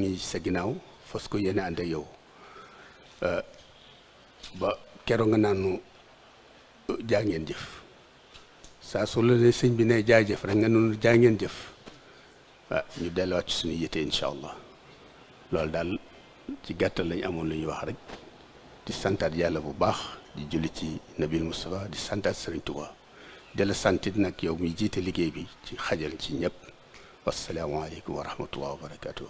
ngi sa ginnaaw fas ko yéene ànd ak yow euh, ba keroog nga naan nu euh, jaa ngeen jëf saa su la ne sëñ bi ne jaajëf rek nga noonu jaa ngeen jëf ah ñu delluwaat ci suñu yite incha allah loolu daal ci gàttal lañ amoon lu ñuy wax rek di santaat yàlla bu baax di julli ci nabil Moustapha di santaat Serigne Touba di la santit nag yow mu jiite liggéey bi ci xajal ci ñëpp wasalaamaaleykum wa rahmatulah wa barakaatu.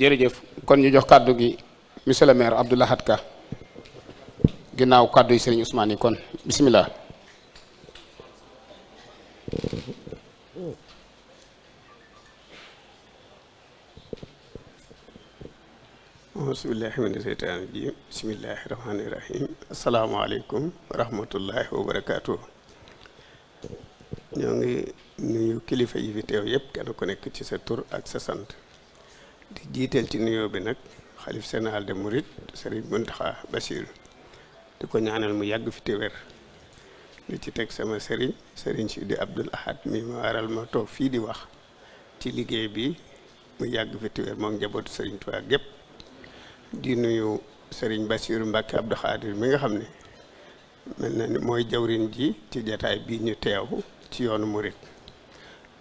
jërëjëf kon ñu jox kàddu gi monsieur le maire Abdou Lahad ginnaaw kàddu yi Serigne Ousmane yi kon bisimilah. bismillahi mina seytaani rajiim bismillahi rahmaani ñoo ngi nuyu kilifa yi fi teew yëpp kenn ku nekk ci sa tur ak sa sant. di jiiteel ci nuyoo bi nag xalif général de Mouride Serigne Mountakha Bassirou di ko ñaanal mu yàgg fi te di ci teg sama sëriñ sëriñ Sidi Abdoul Ahad mi ma waral ma toog fii di wax ci liggéey bi mu yàgg fi te wér moom njabootu sëriñ Touba gépp di nuyu Serigne Bassirou Mbacke Abdou Khadir mi nga xam ne mel na ni mooy jawrin ji ci jataay bii ñu teew ci yoonu Mouride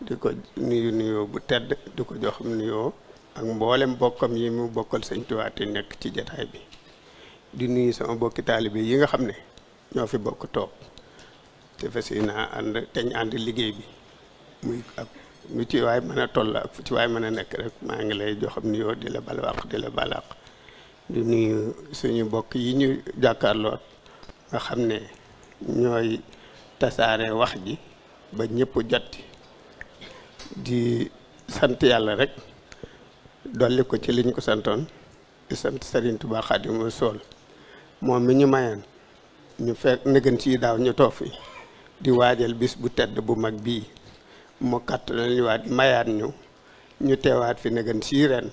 di ko nuyu nuyoo bu tedd di ko jox nuyoo. ak mboolem bokkam yi mu bokkal sëñ Tuubaa nekk ci jataay bi di nuyu sama bokki taalibe yi nga xam ne ñoo fi bokk toog te fas yéene ànd teñ ànd liggéey bi muy ak mu ci waay mën a toll ak fu ci waay mën a nekk rek maa ngi lay joxam nuyoo di la balwaq di la balaq di nuyu suñu bokk yi ñu jàkkaarloo nga xam ne ñooy tasaare wax ji ba ñépp jot di sant yàlla rek dolli ko ci liñ ko santoon di sant Serigne Touba Xaadimu sool moom mi ñu mayoon ñu fekk nëgën ci daaw ñu toog fi di waajal bis bu tedd bu mag bii mu kàttanal ñu waat mayaat ñu ñu teewaat fi nëgën ci ren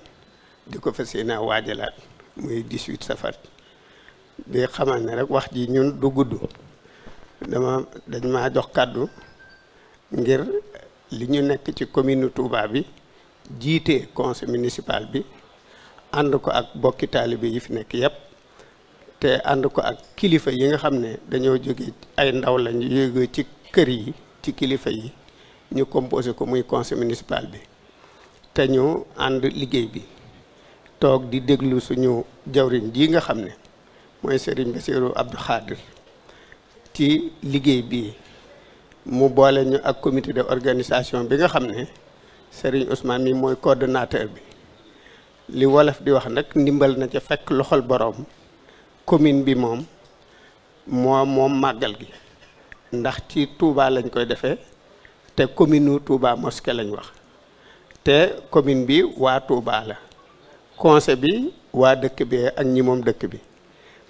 di ko fas yéene waajalaat muy 18 safar di xamal ne rek wax ji ñun du gudd dama dañ ma jox kàddu ngir li ñu nekk ci commune Touba bi jiite conseil municipal bi ànd ko ak bokki taalibe yi fi nekk yépp te ànd ko ak kilifa yi nga xam ne dañoo jóge ay ndaw lañ jóge ci kër yi ci kilifa yi ñu composé ko muy conseil municipal bi te ñu ànd liggéey bi toog di déglu suñu jawriñ ji nga xam ne mooy Serigne Bassirou Abdou Khadir ci liggéey bi mu boole ñu ak comité de organisation bi nga xam ne Serigne Ousmane mi mooy coordonnateur bi li wolof di wax nag ndimbal na ci fekk loxol boroom commune bi moom moo moom màggal gi ndax ci Touba lañ koy defee te commune wu Touba mosquée wax te commune bi waa Touba la conseil bi waa dëkk bi ak ñi moom dëkk bi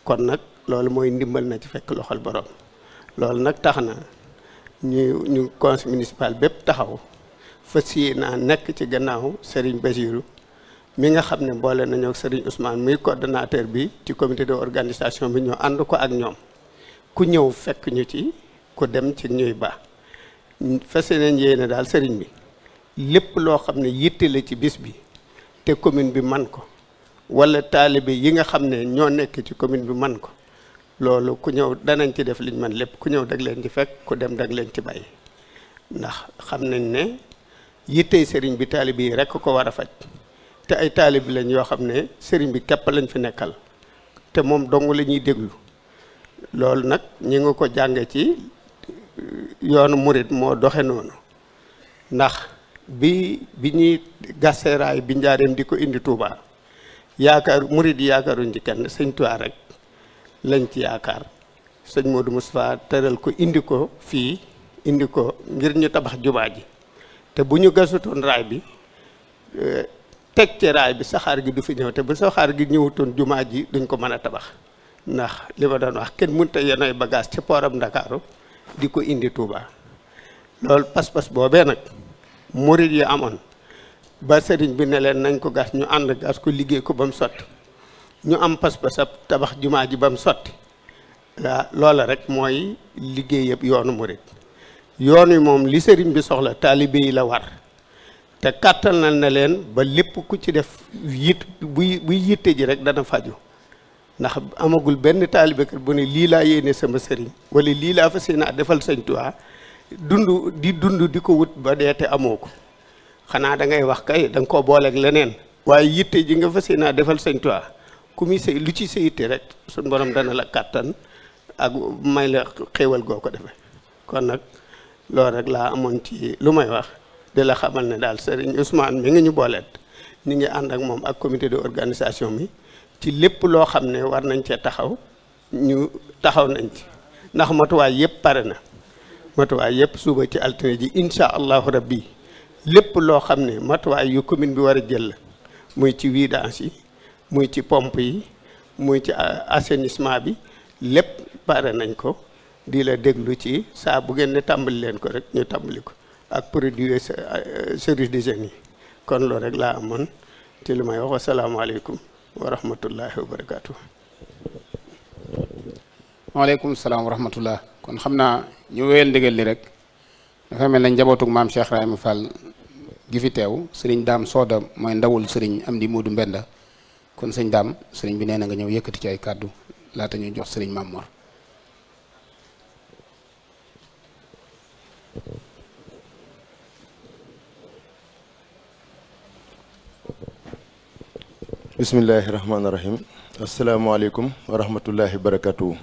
kon nag loolu mooy ndimbal na ci fekk loxol boroom loolu nag tax na ñu ñu conse municipal bépp taxaw fas naa nekk ci gannaaw Serigne Bassirou mi nga xam ne boole nañoo ak Serigne Ousmane muy coordonnateur bi ci commité de organisation bi ñu ànd ko ak ñoom ku ñëw fekk ñu ci ku dem ci ñuy baax fas nañ yéene daal Serigne bi lépp loo xam ne yitte la ci bis bi te commune bi man ko wala taalibe yi nga xam ne ñoo nekk ci commune bi man ko loolu ku ñëw danañ ci def liñ man lépp ku ñëw dag leen ci fekk ku dem dag leen ci bàyyi ndax xam nañ ne. yittey sëriñ bi taalib yi rekk ko war a faj te ay taalib lañ yoo xam ne sëriñ bi képp lañ fi nekkal te moom dong la ñuy déglu loolu nag ñi nga ko jànge ci euh, yoonu murit moo doxe noonu ndax bi bi ñuy gaseraay bi njaareem di ko indi Touba yaakaar murit yi yaakaaruñ ci kenn sëñ rek lañ ci yaakaar sëñ Modou Moustapha teral ko indi ko fii indi ko ngir ñu tabax jubaa ji te bu ñu gasutoon raay bi euh, teg ci raay bi saxaar gi du fi ñëw te bu saxaar gi ñëwutoon jumaa ji duñ ko mën a tabax ndax li ma doon wax kenn mënta yenoy bagage ci pooram Ndakaaru di ko indi Touba loolu pas-pas boobee nag murit yi amoon ba sëriñ bi ne leen nañ ko gas ñu ànd gas ko liggéey ko ba mu sotti ñu am pas-pas ab tabax jumaa ji ba mu sotti waaw loola rek mooy liggéey yëpp yoonu murit yoon yi moom li sëriñ bi soxla taalibe yi la war te kàttal na leen ba lépp ku ci def yit buy buy yitte ji rek dana faju ndax amagul benn taalibe kat bu ne lii laa yéene sama sëriñ wala lii laa fas yéene defal Sëñ Tuubaa dund di dund di ko wut ba dee te amoo ko xanaa dangay wax kay danga ko booleek leneen waaye yitte ji nga fas yéene defal Sëñ Tuubaa ku muy say lu ci sa yitte rek suñ borom dana la kàttan ak may la xéewal goo ko defee kon nag lool rek laa amoon ci lu may wax di la xamal ne daal Serigne Ousmane mi nga ñu booleet ñu ngi ànd ak moom ak comité de organisation bi ci lépp loo xam ne war nañ cee taxaw ñu taxaw nañ ci ndax matuwaay yëpp pare na matuwaay yëpp suba ci altine ji incha allahu rabbi lépp loo xam ne matuwaay yu commune bi war a jël la muy ci vidange yi muy ci pompe yi muy ci assainissement bi lépp pare nañ ko di la déglu ci saa bu ngeen ne tàmbali leen ko rek ñu tàmbali ko ak produit euh, service des yi kon loolu rek laa amoon te li may wax wasalaamaaleykum wa rahmatullahi wa barakaatu. salaam wa rahmatullah kon xam naa ñu wéyal ndigal rek dafa mel ne njabootug maam Cheikh Rahima Fall gi fi teew sëriñ daam sooda mooy ndawul sëriñ am di Moodu Mbenda kon sëñ daam sëriñ bi nee na nga ñëw yëkkati ci ay kàddu laata ñuy jox sëriñ Maam Mor bismillahi rahmaani rahim asalaamaaleykum wa rahmatullahi barakatuhu